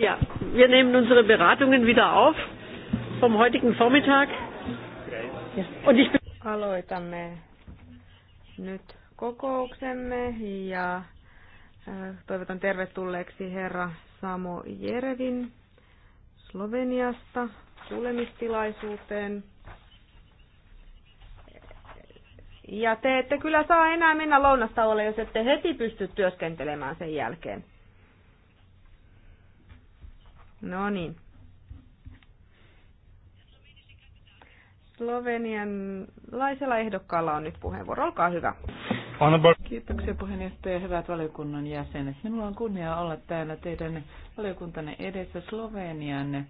Ja, wir nehmen unsere Beratungen wieder auf vom heutigen Vormittag. Und ich Aloitamme nyt kokouksemme ja äh, toivotan tervetulleeksi herra Samo Jerevin Sloveniasta kuulemistilaisuuteen. Ja te ette kyllä saa enää mennä lounastauolle, ole, jos ette heti pysty työskentelemään sen jälkeen. No niin. laisella ehdokkaalla on nyt puheenvuoro. Olkaa hyvä. Kiitoksia puheenjohtaja ja hyvät valiokunnan jäsenet. Minulla on kunnia olla täällä teidän valiokuntanne edessä Slovenian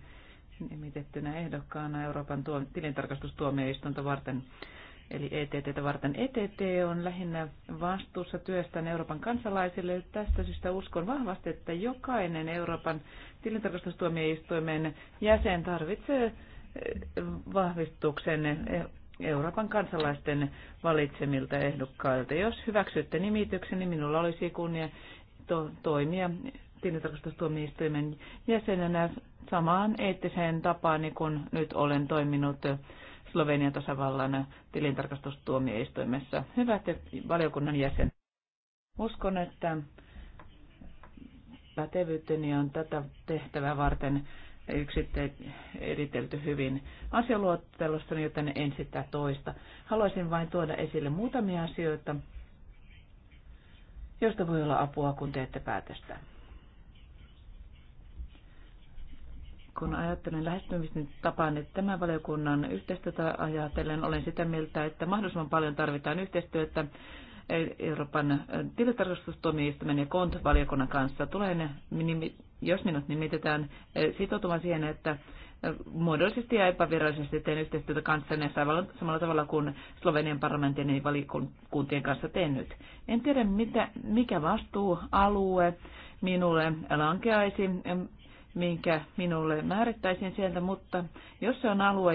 nimitettynä ehdokkaana Euroopan tuo, tilintarkastustuomioistunta varten eli ETTtä varten. ETT on lähinnä vastuussa työstään Euroopan kansalaisille. Tästä syystä uskon vahvasti, että jokainen Euroopan tilintarkastustuomioistuimen jäsen tarvitsee eh, vahvistuksen e-, Euroopan kansalaisten valitsemilta ehdokkailta. Jos hyväksytte niin minulla olisi kunnia to- toimia tilintarkastustuomioistuimen jäsenenä samaan eettiseen tapaan niin kuin nyt olen toiminut Slovenian tasavallan tilintarkastustuomioistuimessa. Hyvät valiokunnan jäsen. Uskon, että pätevyyteni on tätä tehtävää varten yksitte eritelty hyvin asialuottelosta, joten en sitä toista. Haluaisin vain tuoda esille muutamia asioita, joista voi olla apua, kun teette päätöstä. kun ajattelen tapaan, että tämän valiokunnan yhteistyötä ajatellen olen sitä mieltä, että mahdollisimman paljon tarvitaan yhteistyötä Euroopan tilintarkastustuomioistuimen ja KONT-valiokunnan kanssa. Tulen, jos minut nimitetään, eh, sitoutumaan siihen, että eh, muodollisesti ja epävirallisesti teen yhteistyötä kanssanne samalla tavalla kuin Slovenian parlamentin ja valiokuntien kanssa teen nyt. En tiedä, mitä, mikä vastuualue minulle lankeaisi minkä minulle määrittäisin sieltä, mutta jos se on alue,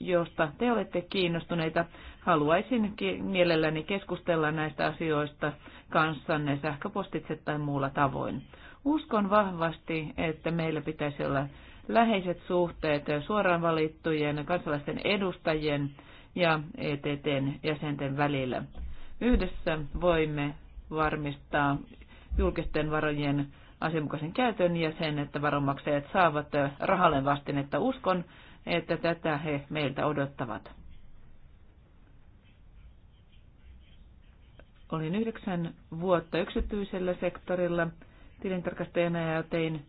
josta te olette kiinnostuneita, haluaisin mielelläni keskustella näistä asioista kanssanne sähköpostitse tai muulla tavoin. Uskon vahvasti, että meillä pitäisi olla läheiset suhteet suoraan valittujen kansalaisten edustajien ja ETTn jäsenten välillä. Yhdessä voimme varmistaa julkisten varojen asianmukaisen käytön ja sen, että varonmaksajat saavat rahalle vasten, että uskon, että tätä he meiltä odottavat. Olin yhdeksän vuotta yksityisellä sektorilla tilintarkastajana ja tein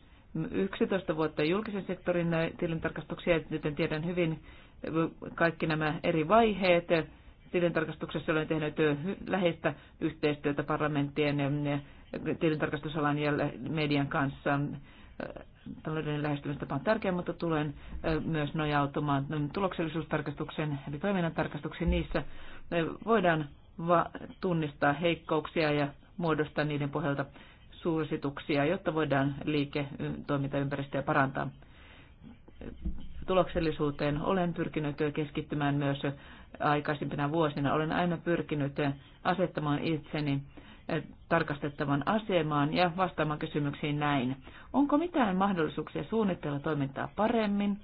11 vuotta julkisen sektorin tilintarkastuksia, joten tiedän hyvin kaikki nämä eri vaiheet tilintarkastuksessa olen tehnyt läheistä yhteistyötä parlamenttien ja tilintarkastusalan ja median kanssa. Taloudellinen lähestymistapa on tärkeä, mutta tulen myös nojautumaan tuloksellisuustarkastuksen eli toiminnan tarkastuksen. Niissä voidaan tunnistaa heikkouksia ja muodostaa niiden pohjalta suosituksia, jotta voidaan liiketoimintaympäristöä parantaa. Tuloksellisuuteen olen pyrkinyt keskittymään myös aikaisimpina vuosina. Olen aina pyrkinyt asettamaan itseni eh, tarkastettavan asemaan ja vastaamaan kysymyksiin näin. Onko mitään mahdollisuuksia suunnitella toimintaa paremmin,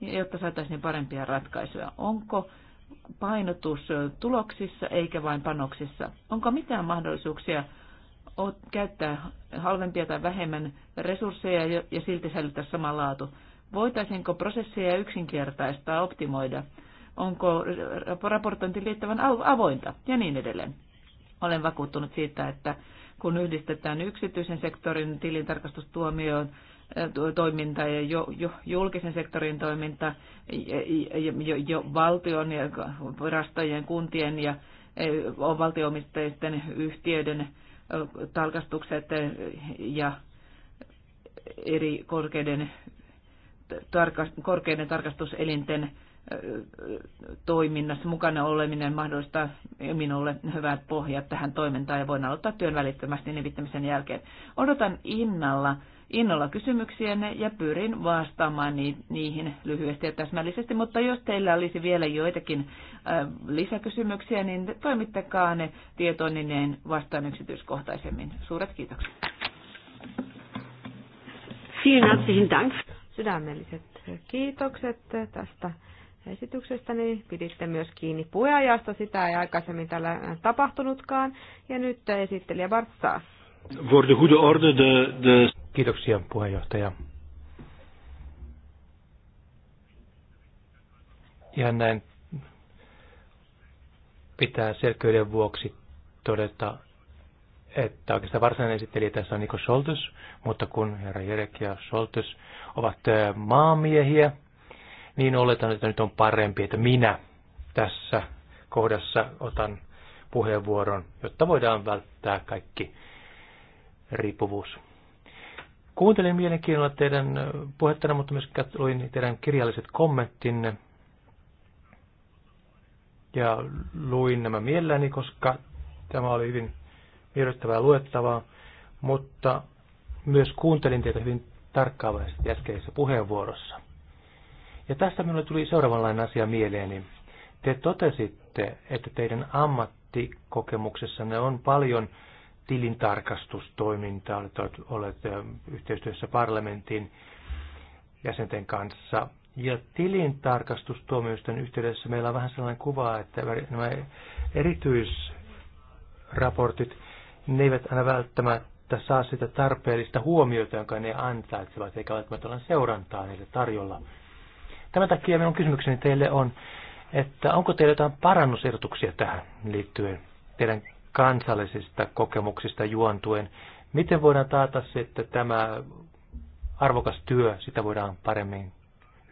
jotta saataisiin parempia ratkaisuja? Onko painotus tuloksissa eikä vain panoksissa? Onko mitään mahdollisuuksia käyttää halvempia tai vähemmän resursseja ja silti säilyttää sama laatu? Voitaisiinko prosesseja yksinkertaistaa, optimoida? onko raportointi liittävän avointa ja niin edelleen. Olen vakuuttunut siitä, että kun yhdistetään yksityisen sektorin tilintarkastustuomioon, toiminta ja jo, jo, julkisen sektorin toiminta, jo, jo, valtion ja virastojen, kuntien ja valtioomisteisten yhtiöiden tarkastukset ja eri korkeiden, tarkast, korkeiden tarkastuselinten toiminnassa mukana oleminen mahdollistaa minulle hyvät pohjat tähän toimintaan ja voin aloittaa työn välittömästi nimittämisen jälkeen. Odotan innalla, innolla kysymyksiänne ja pyrin vastaamaan ni- niihin lyhyesti ja täsmällisesti, mutta jos teillä olisi vielä joitakin äh, lisäkysymyksiä, niin toimittakaa ne tietoon, niin vastaan yksityiskohtaisemmin. Suuret kiitokset. Vielen herzlichen Dank. Sydämelliset kiitokset tästä esityksestä, niin piditte myös kiinni puheajasta. Sitä ei aikaisemmin tällä tapahtunutkaan. Ja nyt esittelijä Bart Saas. orde, Kiitoksia puheenjohtaja. Ihan näin pitää selkeyden vuoksi todeta, että oikeastaan varsinainen esittelijä tässä on Niko Soltus, mutta kun herra Jerek ja Soltus ovat maamiehiä, niin oletan, että nyt on parempi, että minä tässä kohdassa otan puheenvuoron, jotta voidaan välttää kaikki riippuvuus. Kuuntelin mielenkiinnolla teidän puhettanne, mutta myös luin teidän kirjalliset kommenttinne ja luin nämä mielelläni, koska tämä oli hyvin miellyttävää luettavaa, mutta myös kuuntelin teitä hyvin tarkkaavaisesti äskeisessä puheenvuorossa. Ja tästä minulle tuli seuraavanlainen asia mieleeni. Te totesitte, että teidän ammattikokemuksessanne on paljon tilintarkastustoimintaa, olette, olette yhteistyössä parlamentin jäsenten kanssa. Ja tilintarkastustuomioisten yhteydessä meillä on vähän sellainen kuva, että nämä erityisraportit, ne eivät aina välttämättä saa sitä tarpeellista huomiota, jonka ne antaitsevat, eikä välttämättä ole seurantaa niille tarjolla. Tämän takia minun kysymykseni teille on, että onko teillä jotain parannusehdotuksia tähän liittyen teidän kansallisista kokemuksista juontuen? Miten voidaan taata se, että tämä arvokas työ, sitä voidaan paremmin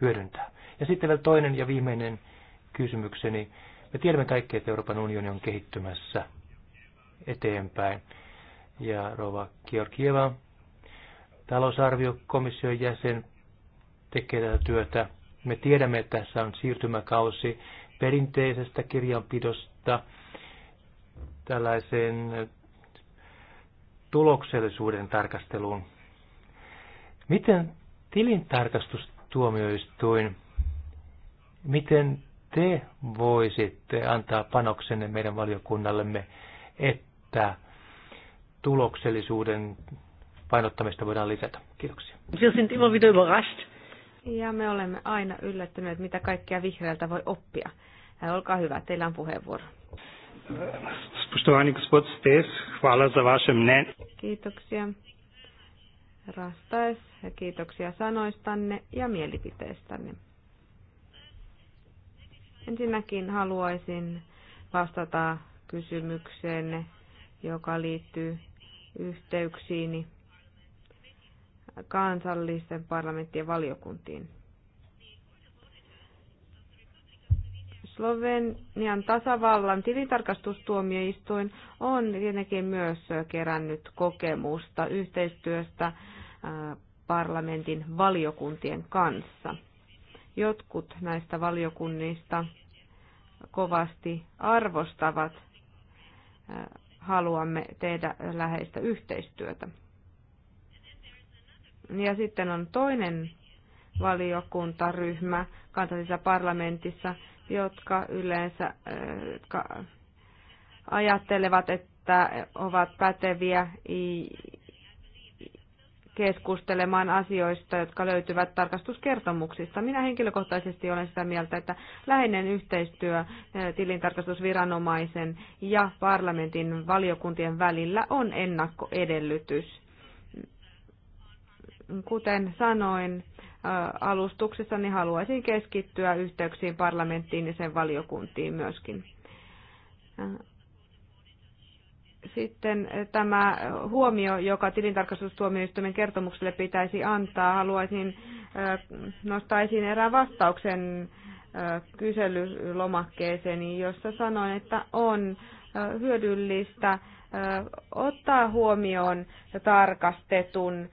hyödyntää? Ja sitten vielä toinen ja viimeinen kysymykseni. Me tiedämme kaikki, että Euroopan unioni on kehittymässä eteenpäin. Ja Rova Georgieva, talousarviokomission jäsen, tekee tätä työtä. Me tiedämme, että tässä on siirtymäkausi perinteisestä kirjanpidosta tällaiseen tuloksellisuuden tarkasteluun. Miten tilintarkastustuomioistuin, miten te voisitte antaa panoksenne meidän valiokunnallemme, että tuloksellisuuden painottamista voidaan lisätä? Kiitoksia. Wir sind immer wieder überrascht, ja me olemme aina yllättyneet, mitä kaikkea vihreältä voi oppia. Olkaa hyvä, teillä on puheenvuoro. Kiitoksia. Rastais, ja kiitoksia sanoistanne ja mielipiteistänne. Ensinnäkin haluaisin vastata kysymykseenne, joka liittyy yhteyksiini kansallisten parlamenttien valiokuntiin. Slovenian tasavallan tilintarkastustuomioistuin on tietenkin myös kerännyt kokemusta yhteistyöstä parlamentin valiokuntien kanssa. Jotkut näistä valiokunnista kovasti arvostavat haluamme tehdä läheistä yhteistyötä. Ja sitten on toinen valiokuntaryhmä kansallisessa parlamentissa, jotka yleensä äh, jotka ajattelevat, että ovat päteviä keskustelemaan asioista, jotka löytyvät tarkastuskertomuksista. Minä henkilökohtaisesti olen sitä mieltä, että läheinen yhteistyö äh, tilintarkastusviranomaisen ja parlamentin valiokuntien välillä on ennakkoedellytys. Kuten sanoin alustuksessa, niin haluaisin keskittyä yhteyksiin parlamenttiin ja sen valiokuntiin myöskin. Sitten tämä huomio, joka tilintarkastustuomioistuimen kertomukselle pitäisi antaa, haluaisin nostaa esiin erään vastauksen kyselylomakkeeseen, jossa sanoin, että on hyödyllistä ottaa huomioon tarkastetun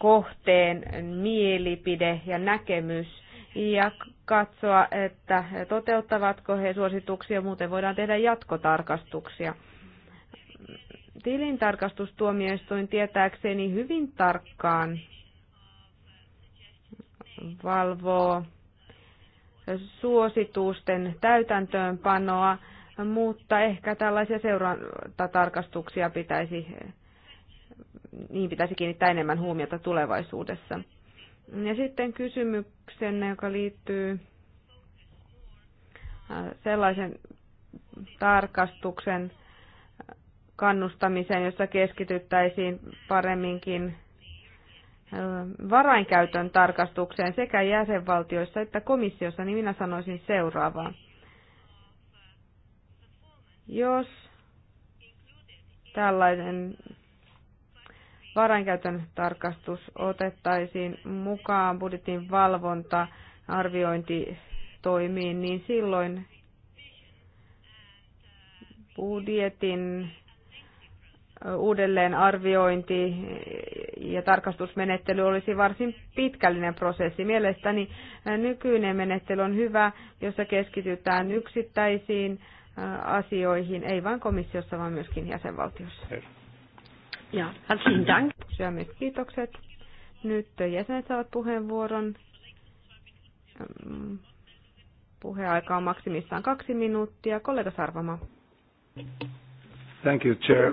kohteen mielipide ja näkemys ja katsoa, että toteuttavatko he suosituksia, muuten voidaan tehdä jatkotarkastuksia. Tilintarkastustuomioistuin tietääkseni hyvin tarkkaan valvoo suositusten täytäntöönpanoa, mutta ehkä tällaisia seurantatarkastuksia pitäisi niihin pitäisi kiinnittää enemmän huomiota tulevaisuudessa. Ja sitten kysymyksenne, joka liittyy äh, sellaisen tarkastuksen äh, kannustamiseen, jossa keskityttäisiin paremminkin äh, varainkäytön tarkastukseen sekä jäsenvaltioissa että komissiossa, niin minä sanoisin seuraavaa. Jos tällainen varainkäytön tarkastus otettaisiin mukaan budjetin valvonta arviointitoimiin, niin silloin budjetin uudelleenarviointi ja tarkastusmenettely olisi varsin pitkällinen prosessi. Mielestäni nykyinen menettely on hyvä, jossa keskitytään yksittäisiin asioihin, ei vain komissiossa, vaan myöskin jäsenvaltiossa. Ja, herzlichen Dank. Syömistä kiitokset. Nyt jäsenet saavat puheenvuoron. Puheaika on maksimissaan kaksi minuuttia. Kollega Sarvama. Thank you, Chair.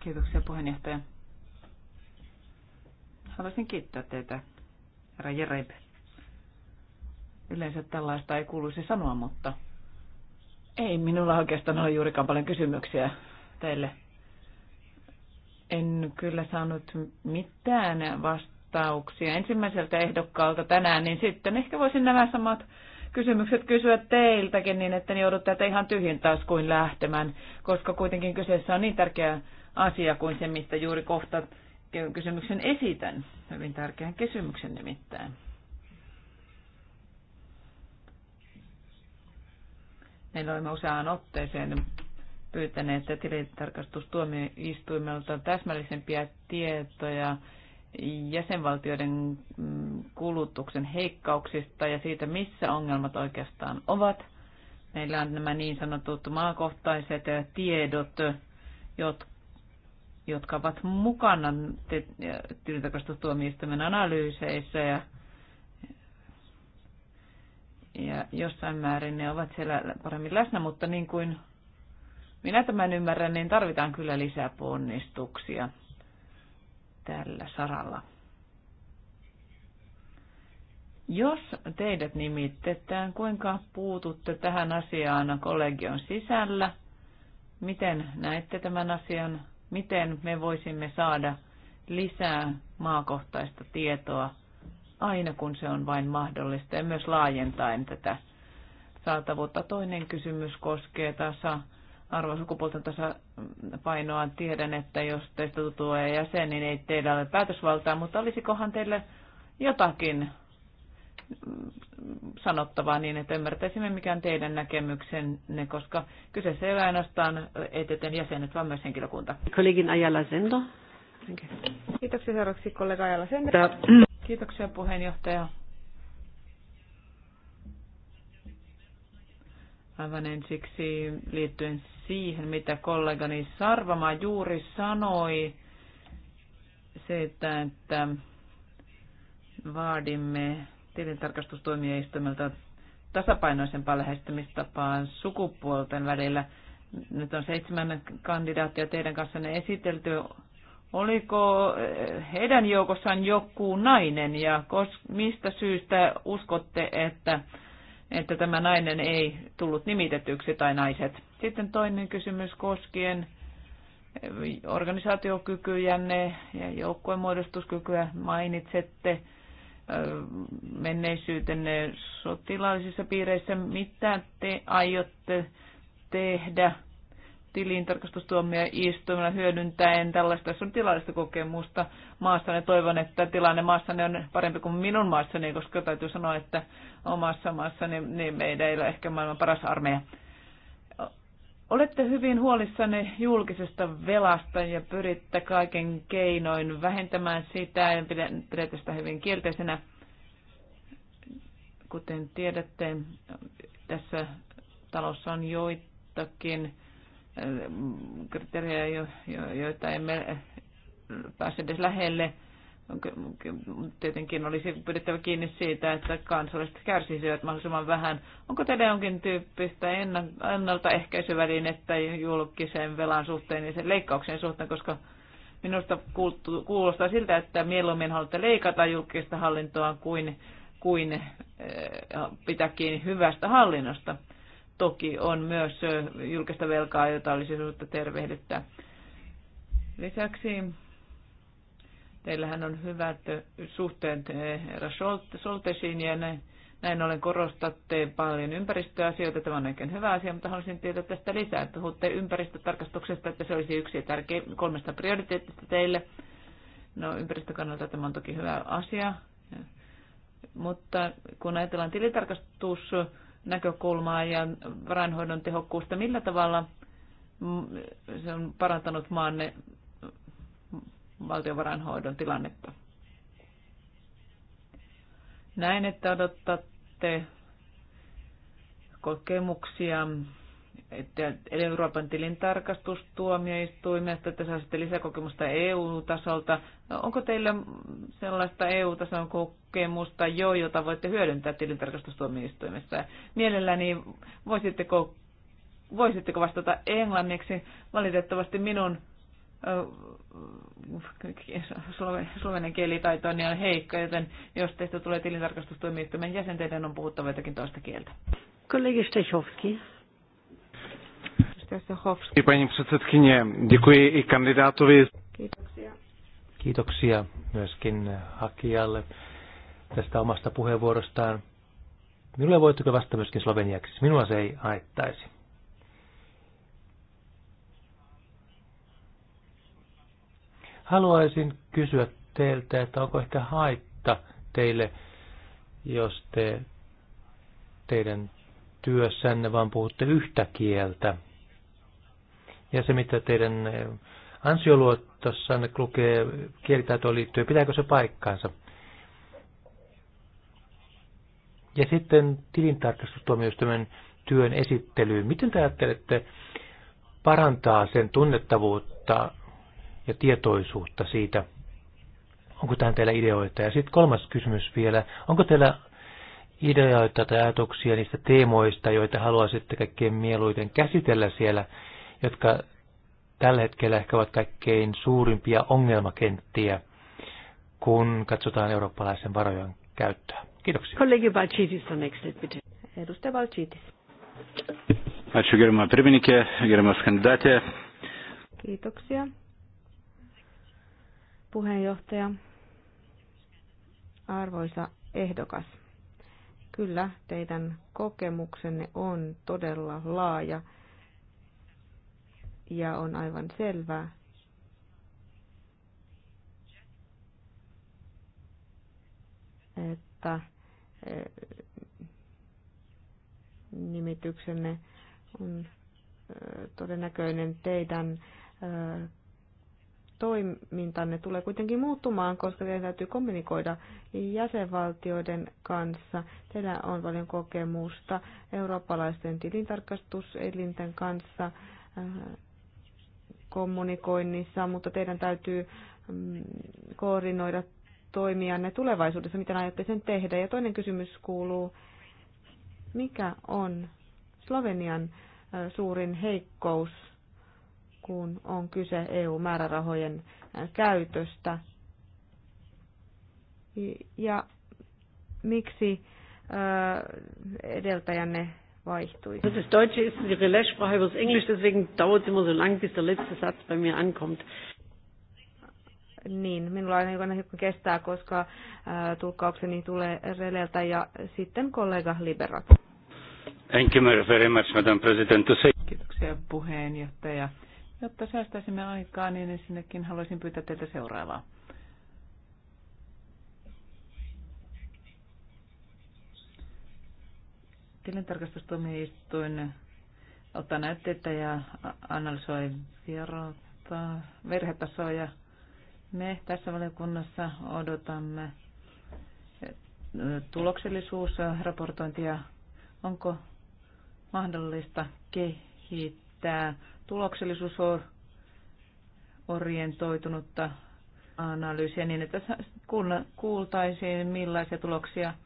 Kiitoksia puheenjohtaja. Haluaisin kiittää teitä, herra Jereb. Yleensä tällaista ei kuuluisi sanoa, mutta ei minulla oikeastaan ole juurikaan paljon kysymyksiä teille en kyllä saanut mitään vastauksia ensimmäiseltä ehdokkaalta tänään, niin sitten ehkä voisin nämä samat kysymykset kysyä teiltäkin niin, että joudut että ihan tyhjin taas kuin lähtemään, koska kuitenkin kyseessä on niin tärkeä asia kuin se, mistä juuri kohta kysymyksen esitän. Hyvin tärkeän kysymyksen nimittäin. Meillä olemme useaan otteeseen pyytäneet tilintarkastustuomioistuimelta täsmällisempiä tietoja jäsenvaltioiden mm, kulutuksen heikkauksista ja siitä, missä ongelmat oikeastaan ovat. Meillä on nämä niin sanotut maakohtaiset tiedot, jotka ovat mukana tilintarkastustuomioistuimen analyyseissä ja ja jossain määrin ne ovat siellä paremmin läsnä, mutta niin kuin minä tämän ymmärrän, niin tarvitaan kyllä lisää ponnistuksia tällä saralla. Jos teidät nimitetään, kuinka puututte tähän asiaan kollegion sisällä? Miten näette tämän asian? Miten me voisimme saada lisää maakohtaista tietoa aina kun se on vain mahdollista ja myös laajentaen tätä saatavuutta? Toinen kysymys koskee tasa arvosukupuolten tasapainoa. Tiedän, että jos teistä tulee jäsen, niin ei teillä ole päätösvaltaa, mutta olisikohan teille jotakin mm, sanottavaa niin, että ymmärtäisimme mikään teidän näkemyksenne, koska kyseessä ei ole ainoastaan eteten jäsenet, vaan myös henkilökunta. Kollegin Ajala Sendo. Kiitoksia seuraavaksi kollega Ajala Sendo. Kiitoksia puheenjohtaja. Aivan ensiksi liittyen siihen, mitä kollegani Sarvama juuri sanoi, se, että, että vaadimme tilintarkastustuomioistuimelta tasapainoisempaa lähestymistapaa sukupuolten välillä. Nyt on seitsemän kandidaattia teidän kanssanne esitelty. Oliko eh, heidän joukossaan joku nainen ja mistä syystä uskotte, että että tämä nainen ei tullut nimitetyksi tai naiset. Sitten toinen kysymys koskien eh, organisaatiokykyjänne ja joukkueen muodostuskykyä mainitsette eh, menneisyytenne sotilaallisissa piireissä. Mitä te aiotte tehdä istuimella hyödyntäen tällaista sun tilallista kokemusta maassanne. Toivon, että tilanne maassanne on parempi kuin minun maassani, koska täytyy sanoa, että omassa maassani niin meidän ei ole ehkä maailman paras armeija. Olette hyvin huolissanne julkisesta velasta ja pyritte kaiken keinoin vähentämään sitä ja pidätte sitä hyvin kielteisenä. Kuten tiedätte, tässä talossa on joitakin kriteerejä, joita emme pääse edes lähelle. Tietenkin olisi pidettävä kiinni siitä, että kansalaiset kärsisivät mahdollisimman vähän. Onko teillä jonkin tyyppistä ennaltaehkäisyvälinettä julkisen velan suhteen ja sen leikkauksen suhteen, koska minusta kuulostaa siltä, että mieluummin haluatte leikata julkista hallintoa kuin, kuin eh, pitää kiinni hyvästä hallinnosta toki on myös julkista velkaa, jota olisi syytä tervehdyttää. Lisäksi teillähän on hyvät suhteet herra Soltesiin ja näin, näin ollen korostatte paljon ympäristöasioita. Tämä on oikein hyvä asia, mutta haluaisin tietää tästä lisää. Puhutte ympäristötarkastuksesta, että se olisi yksi tärkeä kolmesta prioriteettista teille. No ympäristökannalta tämä on toki hyvä asia. Mutta kun ajatellaan tilitarkastus näkökulmaa ja varainhoidon tehokkuusta Millä tavalla se on parantanut maanne valtiovarainhoidon tilannetta? Näin, että odottatte kokemuksia Euroopan tilintarkastustuomioistuimesta, tarkastustuomioistuimesta, että saisitte lisäkokemusta EU-tasolta. Onko teillä sellaista EU-tason kokemusta jo, jota voitte hyödyntää tilintarkastustuomioistuimessa? Mielelläni voisitteko, voisitteko vastata englanniksi? Valitettavasti minun slovenen kielitaito on heikko, joten jos teistä tulee tilintarkastustuomioistuimen jäsen, teidän on puhuttava jotakin toista kieltä. Kollegi Stechowski. Edustaja Sahovski. předsedkyně, děkuji i kandidátovi. Kiitoksia. Kiitoksia myöskin hakijalle tästä omasta puheenvuorostaan. Minulle voitteko vastata myöskin sloveniaksi? Siis minua se ei haittaisi. Haluaisin kysyä teiltä, että onko ehkä haitta teille, jos te teidän työssänne vaan puhutte yhtä kieltä ja se, mitä teidän eh, ansioluottossanne lukee kielitaitoon liittyen, pitääkö se paikkaansa? Ja sitten tilintarkastustuomioistuimen työn esittelyyn. Miten te ajattelette parantaa sen tunnettavuutta ja tietoisuutta siitä? Onko tähän teillä ideoita? Ja sitten kolmas kysymys vielä. Onko teillä ideoita tai ajatuksia niistä teemoista, joita haluaisitte kaikkein mieluiten käsitellä siellä jotka tällä hetkellä ehkä ovat kaikkein suurimpia ongelmakenttiä, kun katsotaan eurooppalaisen varojen käyttöä. Kiitoksia. Kollegi Valcitis on next, bitte. Edustaja Valcitis. Ačiū gerima pirmininkė, Kiitoksia. Puheenjohtaja, arvoisa ehdokas. Kyllä, teidän kokemuksenne on todella laaja ja on aivan selvää, että eh, nimityksenne on eh, todennäköinen teidän eh, toimintanne tulee kuitenkin muuttumaan, koska teidän täytyy kommunikoida jäsenvaltioiden kanssa. Teillä on paljon kokemusta eurooppalaisten tilintarkastuselinten kanssa kommunikoinnissa, mutta teidän täytyy mm, koordinoida ne tulevaisuudessa, miten aiotte sen tehdä. Ja toinen kysymys kuuluu, mikä on Slovenian suurin heikkous, kun on kyse EU-määrärahojen käytöstä? Ja miksi edeltäjänne vaihtui. Das Deutsche ist die Relaissprache das Englisch, deswegen dauert es immer so lang, bis der letzte Satz bei mir ankommt. Niin, minulla aina hiukan kestää, koska äh, tulkkaukseni tulee Releltä ja sitten kollega Liberat. Thank you very much, Madam President. Kiitoksia puheenjohtaja. Jotta säästäisimme aikaa, niin ensinnäkin haluaisin pyytää teiltä seuraavaa. Tilintarkastustuomioistuin ottaa näytteitä ja analysoi vierota, verhetasoja. Me tässä valiokunnassa odotamme eh, tuloksellisuusraportointia. Onko mahdollista kehittää tuloksellisuusorientoitunutta analyysiä niin, että kuultaisiin millaisia tuloksia eh,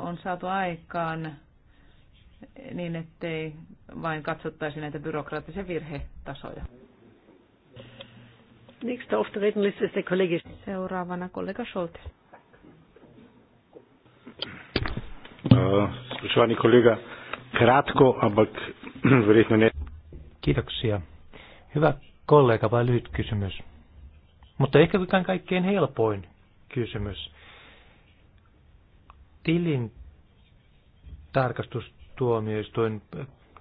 on saatu aikaan niin, ettei vain katsottaisi näitä byrokraattisia virhetasoja. Nächster auf der Rednerliste ist der Kollege. Seuraavana kollega Scholte. Äh, spoštovani kollega kratko, ampak ne. Kiitoksia. Hyvä kollega, vain lyhyt kysymys. Mutta ehkä kuitenkin kaikkein helpoin kysymys. Tilin tarkastus tuomioistuin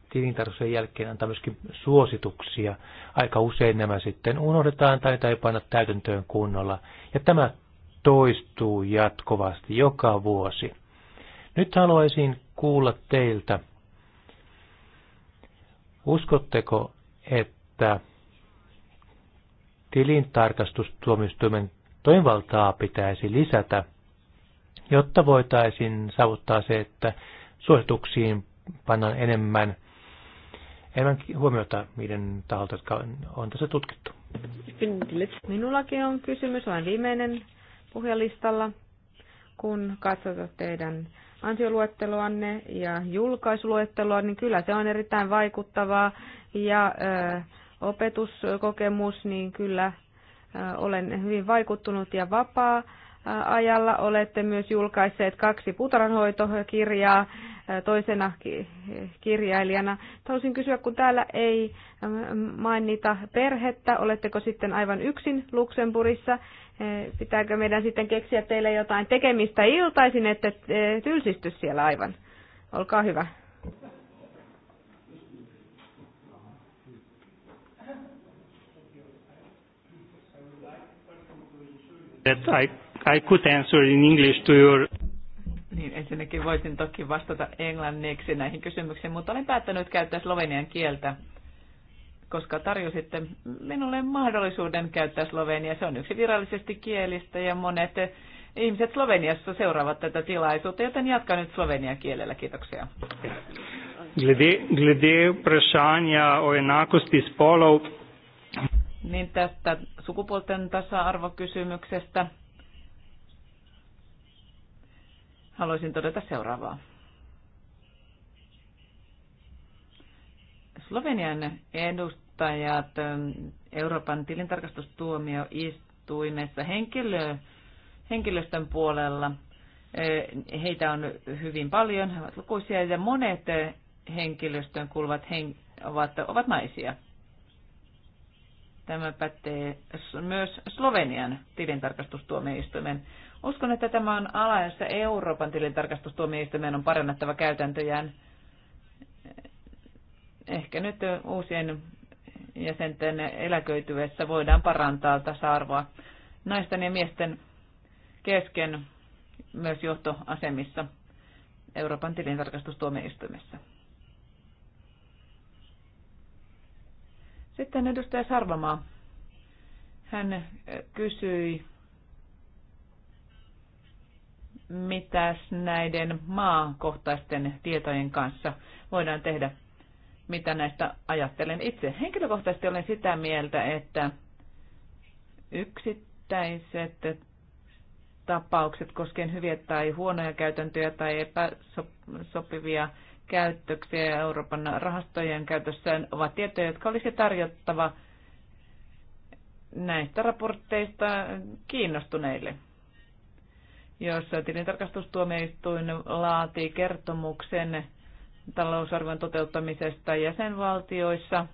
tilintarkastuksen jälkeen antaa myöskin suosituksia. Aika usein nämä sitten unohdetaan tai ei panna täytäntöön kunnolla. Ja tämä toistuu jatkuvasti joka vuosi. Nyt haluaisin kuulla teiltä, uskotteko, että tilintarkastustuomioistuimen toimivaltaa pitäisi lisätä, jotta voitaisiin saavuttaa se, että suosituksiin pannaan enemmän, enemmän huomiota niiden taholta, jotka on tässä tutkittu. Minullakin on kysymys, olen viimeinen puhujalistalla. Kun katsotaan teidän ansioluetteloanne ja julkaisuluetteloa, niin kyllä se on erittäin vaikuttavaa. Ja ö, opetuskokemus, niin kyllä ö, olen hyvin vaikuttunut ja vapaa ajalla olette myös julkaisseet kaksi puutarhanhoitokirjaa toisena kirjailijana. Haluaisin kysyä, kun täällä ei mainita perhettä, oletteko sitten aivan yksin Luxemburissa? Pitääkö meidän sitten keksiä teille jotain tekemistä iltaisin, että tylsisty siellä aivan? Olkaa hyvä. That I, I could answer in English to your niin, ensinnäkin voisin toki vastata englanniksi näihin kysymyksiin, mutta olen päättänyt käyttää slovenian kieltä, koska tarjositte minulle mahdollisuuden käyttää slovenia. Se on yksi virallisesti kielistä ja monet ihmiset Sloveniassa seuraavat tätä tilaisuutta, joten jatkan nyt slovenian kielellä. Kiitoksia. Glede, glede vprašanja o enakosti spolov. Niin tästä sukupuolten tasa-arvokysymyksestä haluaisin todeta seuraavaa. Slovenian edustajat Euroopan tilintarkastustuomioistuimessa henkilö, henkilöstön puolella, heitä on hyvin paljon, he ovat lukuisia ja monet henkilöstön kuuluvat hen, ovat, ovat naisia. Tämä pätee myös Slovenian tilintarkastustuomioistuimen. Uskon, että tämä on ala, jossa Euroopan tilintarkastustuomioistuimen on parannettava käytäntöjään. Ehkä nyt uusien jäsenten eläköityessä voidaan parantaa tasa-arvoa naisten ja miesten kesken myös johtoasemissa Euroopan tilintarkastustuomioistuimessa. Sitten edustaja Sarvamaa. Hän äh, kysyi, mitä näiden maakohtaisten tietojen kanssa voidaan tehdä, mitä näistä ajattelen itse. Henkilökohtaisesti olen sitä mieltä, että yksittäiset tapaukset koskien hyviä tai huonoja käytäntöjä tai epäsopivia käyttöksiä Euroopan rahastojen käytössään ovat tietoja, jotka olisi tarjottava näistä raportteista kiinnostuneille. Jos tilintarkastustuomioistuin laatii kertomuksen talousarvion toteuttamisesta jäsenvaltioissa,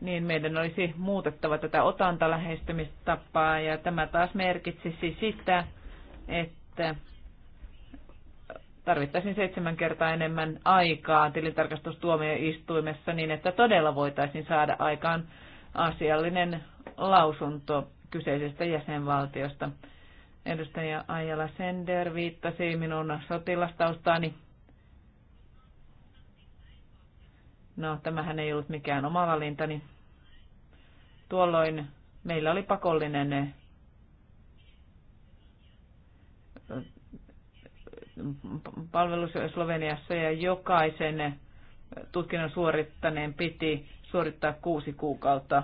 niin meidän olisi muutettava tätä otantalähestymistapaa ja tämä taas merkitsisi sitä, että tarvittaisiin seitsemän kertaa enemmän aikaa tilintarkastustuomioistuimessa niin, että todella voitaisiin saada aikaan asiallinen lausunto kyseisestä jäsenvaltiosta. Edustaja Ajala Sender viittasi minun sotilastaustaani. No, tämähän ei ollut mikään oma valintani. Tuolloin meillä oli pakollinen palvelus Sloveniassa ja jokaisen tutkinnon suorittaneen piti suorittaa kuusi kuukautta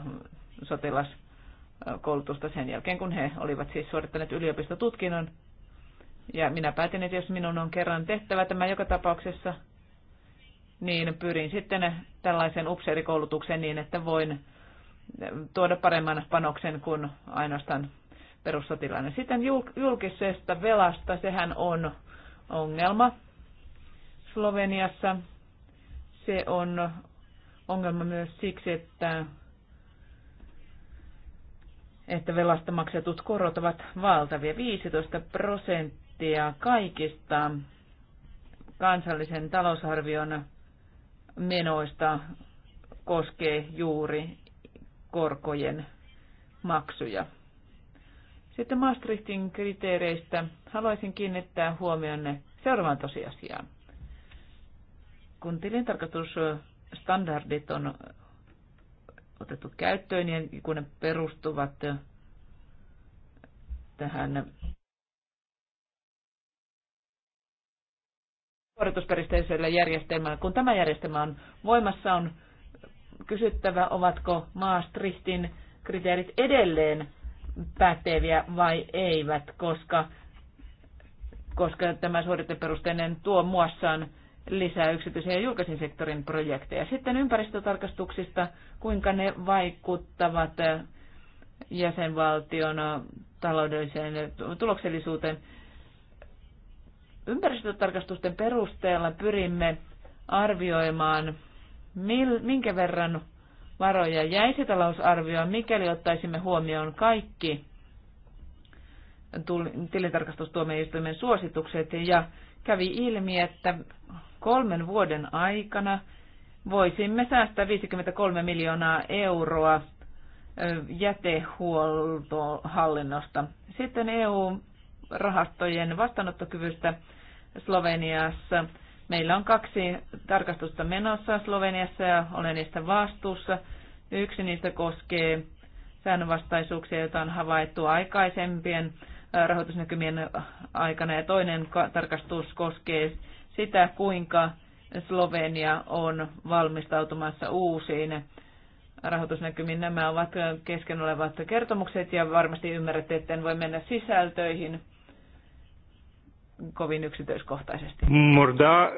sotilaskoulutusta sen jälkeen, kun he olivat siis suorittaneet yliopistotutkinnon. Ja minä päätin, että jos minun on kerran tehtävä tämä joka tapauksessa, niin pyrin sitten tällaisen upseerikoulutuksen niin, että voin tuoda paremman panoksen kuin ainoastaan perussotilainen. Sitten julkisesta velasta, sehän on ongelma Sloveniassa. Se on ongelma myös siksi, että, että velasta maksetut korot ovat valtavia. 15 prosenttia kaikista kansallisen talousarvion menoista koskee juuri korkojen maksuja. Sitten Maastrichtin kriteereistä Haluaisin kiinnittää huomionne seuraavaan tosiasiaan. Kun tilintarkastusstandardit on otettu käyttöön ja niin kun ne perustuvat tähän suoritusperusteiselle järjestelmään. Kun tämä järjestelmä on voimassa, on kysyttävä, ovatko Maastrichtin kriteerit edelleen päteviä vai eivät, koska koska tämä suoriteperusteinen tuo muassaan lisää yksityisen ja julkisen sektorin projekteja. Sitten ympäristötarkastuksista, kuinka ne vaikuttavat jäsenvaltion taloudelliseen tuloksellisuuteen. Ympäristötarkastusten perusteella pyrimme arvioimaan, minkä verran varoja jäisi talousarvioon, mikäli ottaisimme huomioon kaikki tilintarkastustuomioistuimen suositukset ja kävi ilmi, että kolmen vuoden aikana voisimme säästää 53 miljoonaa euroa jätehuoltohallinnosta. Sitten EU-rahastojen vastaanottokyvystä Sloveniassa. Meillä on kaksi tarkastusta menossa Sloveniassa ja olen niistä vastuussa. Yksi niistä koskee säännönvastaisuuksia, joita on havaittu aikaisempien rahoitusnäkymien aikana. Ja toinen tarkastus koskee sitä, kuinka Slovenia on valmistautumassa uusiin rahoitusnäkymiin. Nämä ovat kesken olevat kertomukset ja varmasti ymmärrätte, että en voi mennä sisältöihin kovin yksityiskohtaisesti. Morda, e,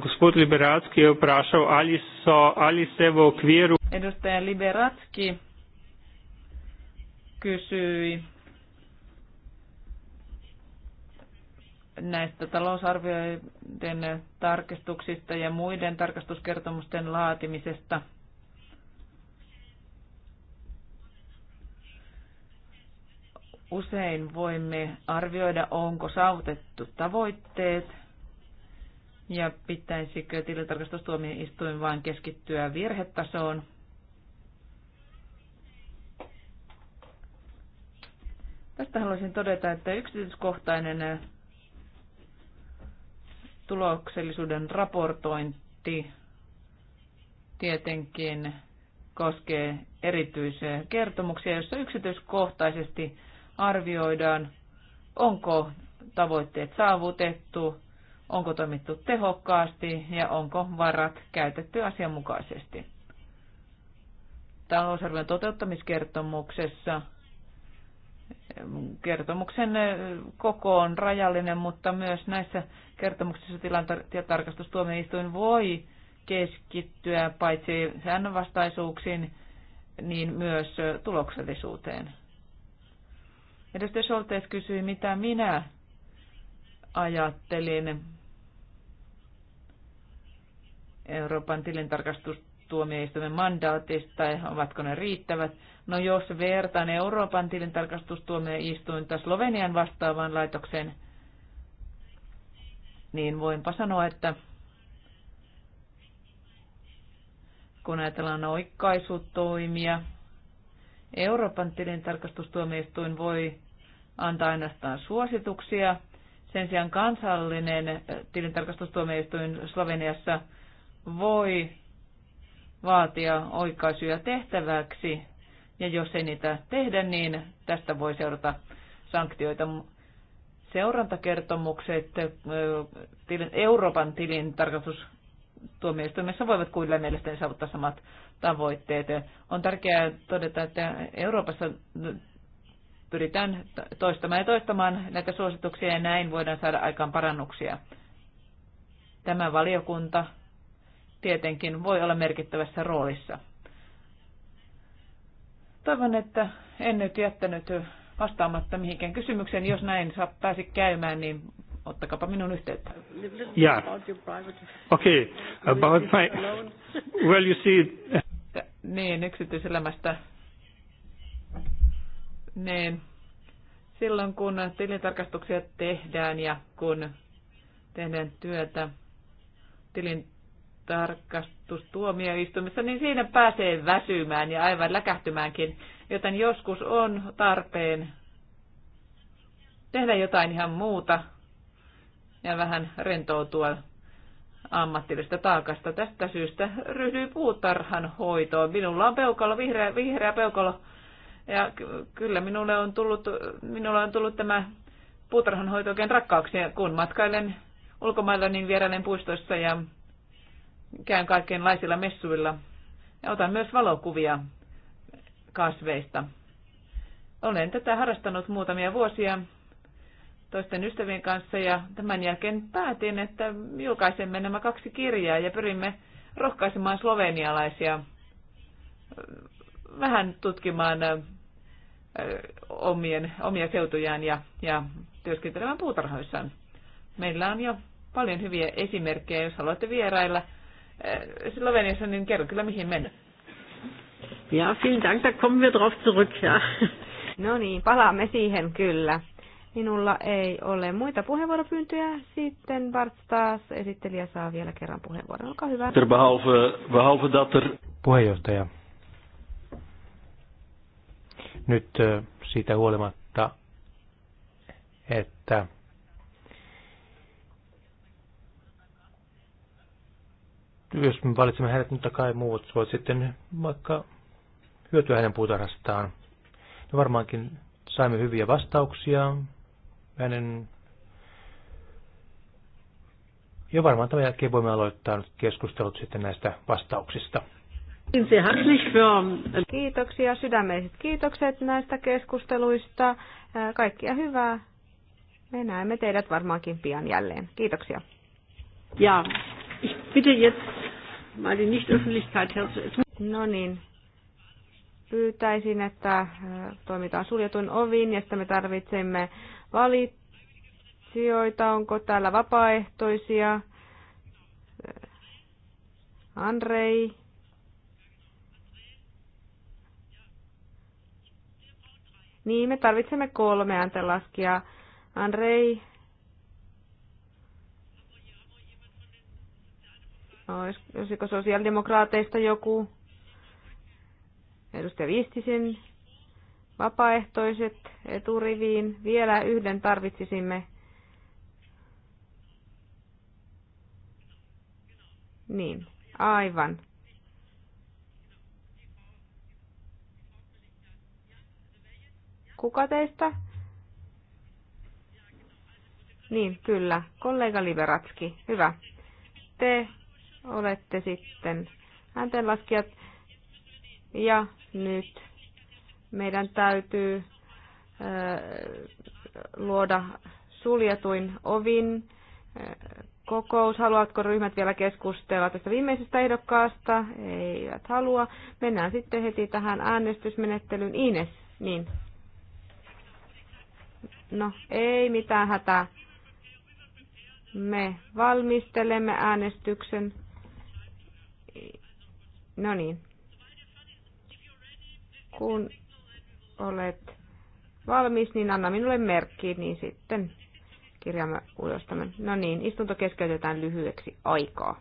gospod Liberatski je vprašal, ali, so, ali se vo kvieru... Edustaja Liberatski kysyi näistä talousarvioiden tarkistuksista ja muiden tarkastuskertomusten laatimisesta. Usein voimme arvioida, onko saavutettu tavoitteet ja pitäisikö tilintarkastustuomioistuin vain keskittyä virhetasoon. Tästä haluaisin todeta, että yksityiskohtainen Tuloksellisuuden raportointi tietenkin koskee erityisiä kertomuksia, joissa yksityiskohtaisesti arvioidaan, onko tavoitteet saavutettu, onko toimittu tehokkaasti ja onko varat käytetty asianmukaisesti. Talousarvion toteuttamiskertomuksessa kertomuksen koko on rajallinen, mutta myös näissä kertomuksissa tilantarkastustuomioistuin voi keskittyä paitsi säännönvastaisuuksiin, niin myös tuloksellisuuteen. Edustaja Soltees kysyi, mitä minä ajattelin Euroopan tilintarkastus tuomioistuimen mandaatista, ovatko ne riittävät. No jos vertaan Euroopan tilintarkastustuomioistuinta Slovenian vastaavaan laitokseen, niin voinpa sanoa, että kun ajatellaan oikkaisutoimia, Euroopan tilintarkastustuomioistuin voi antaa ainoastaan suosituksia. Sen sijaan kansallinen tilintarkastustuomioistuin Sloveniassa voi vaatia oikaisuja tehtäväksi, ja jos ei niitä tehdä, niin tästä voi seurata sanktioita. Seurantakertomukset Euroopan tilin tarkastustuomioistuimessa voivat kuilla mielestäni saavuttaa samat tavoitteet. On tärkeää todeta, että Euroopassa pyritään toistamaan ja toistamaan näitä suosituksia ja näin voidaan saada aikaan parannuksia. Tämä valiokunta tietenkin voi olla merkittävässä roolissa. Toivon, että en nyt jättänyt vastaamatta mihinkään kysymykseen. Jos näin saa pääsi käymään, niin ottakaapa minun yhteyttä. Yeah. Okay. About my... Well, you see... Niin, yksityiselämästä. Niin. Silloin kun tilintarkastuksia tehdään ja kun tehdään työtä tilin tarkastustuomioistumissa, niin siinä pääsee väsymään ja aivan läkähtymäänkin. Joten joskus on tarpeen tehdä jotain ihan muuta ja vähän rentoutua ammattilista taakasta. Tästä syystä ryhdyin puutarhan hoitoon. Minulla on peukalo, vihreä, vihreä peukalo. Ja kyllä minulle on tullut, minulle on tullut tämä hoito oikein rakkaaksi. kun matkailen ulkomailla, niin vierailen puistoissa ja käyn kaikenlaisilla messuilla ja otan myös valokuvia kasveista. Olen tätä harrastanut muutamia vuosia toisten ystävien kanssa ja tämän jälkeen päätin, että julkaisemme nämä kaksi kirjaa ja pyrimme rohkaisemaan slovenialaisia vähän tutkimaan omien, omia seutujaan ja, ja työskentelemään puutarhoissaan. Meillä on jo paljon hyviä esimerkkejä, jos haluatte vierailla – Äh, Sloveniassa, niin kerro kyllä mihin mennä. Ja, vielen dank, da kommen wir drauf zurück, ja. No niin, palaamme siihen kyllä. Minulla ei ole muita puheenvuoropyyntöjä. Sitten Bart taas esittelijä saa vielä kerran puheenvuoron. Olkaa hyvä. Er, behalve, behalve dat er... Puheenjohtaja. Nyt äh, siitä huolimatta, että jos me valitsemme hänet, mutta niin kai muut voi sitten vaikka hyötyä hänen puutarhastaan. No varmaankin saimme hyviä vastauksia hänen... Ja varmaan tämän jälkeen voimme aloittaa nyt keskustelut sitten näistä vastauksista. Kiitoksia, sydämeiset kiitokset näistä keskusteluista. Kaikkia hyvää. Me näemme teidät varmaankin pian jälleen. Kiitoksia. Ja, ich bitte jetzt mal die Nichtöffentlichkeit herzu. No niin. Pyytäisin, että äh, toimitaan suljetun ovin ja sitten me tarvitsemme valitsijoita. Onko täällä vapaaehtoisia? Äh, Andrei. Niin, me tarvitsemme kolme antelaskia. Andrei, No, olisiko sosiaalidemokraateista joku? Edustaja Vistisin, vapaaehtoiset eturiviin. Vielä yhden tarvitsisimme. Niin, aivan. Kuka teistä? Niin, kyllä. Kollega Liberatski. Hyvä. Te olette sitten ääntenlaskijat. Ja nyt meidän täytyy luoda suljetuin ovin kokous. Haluatko ryhmät vielä keskustella tästä viimeisestä ehdokkaasta? Eivät halua. Mennään sitten heti tähän äänestysmenettelyyn. Ines, niin. No, ei mitään hätää. Me valmistelemme äänestyksen. No niin. Kun olet valmis, niin anna minulle merkki, niin sitten kirjaamme ulos tämän. No niin, istunto keskeytetään lyhyeksi aikaa.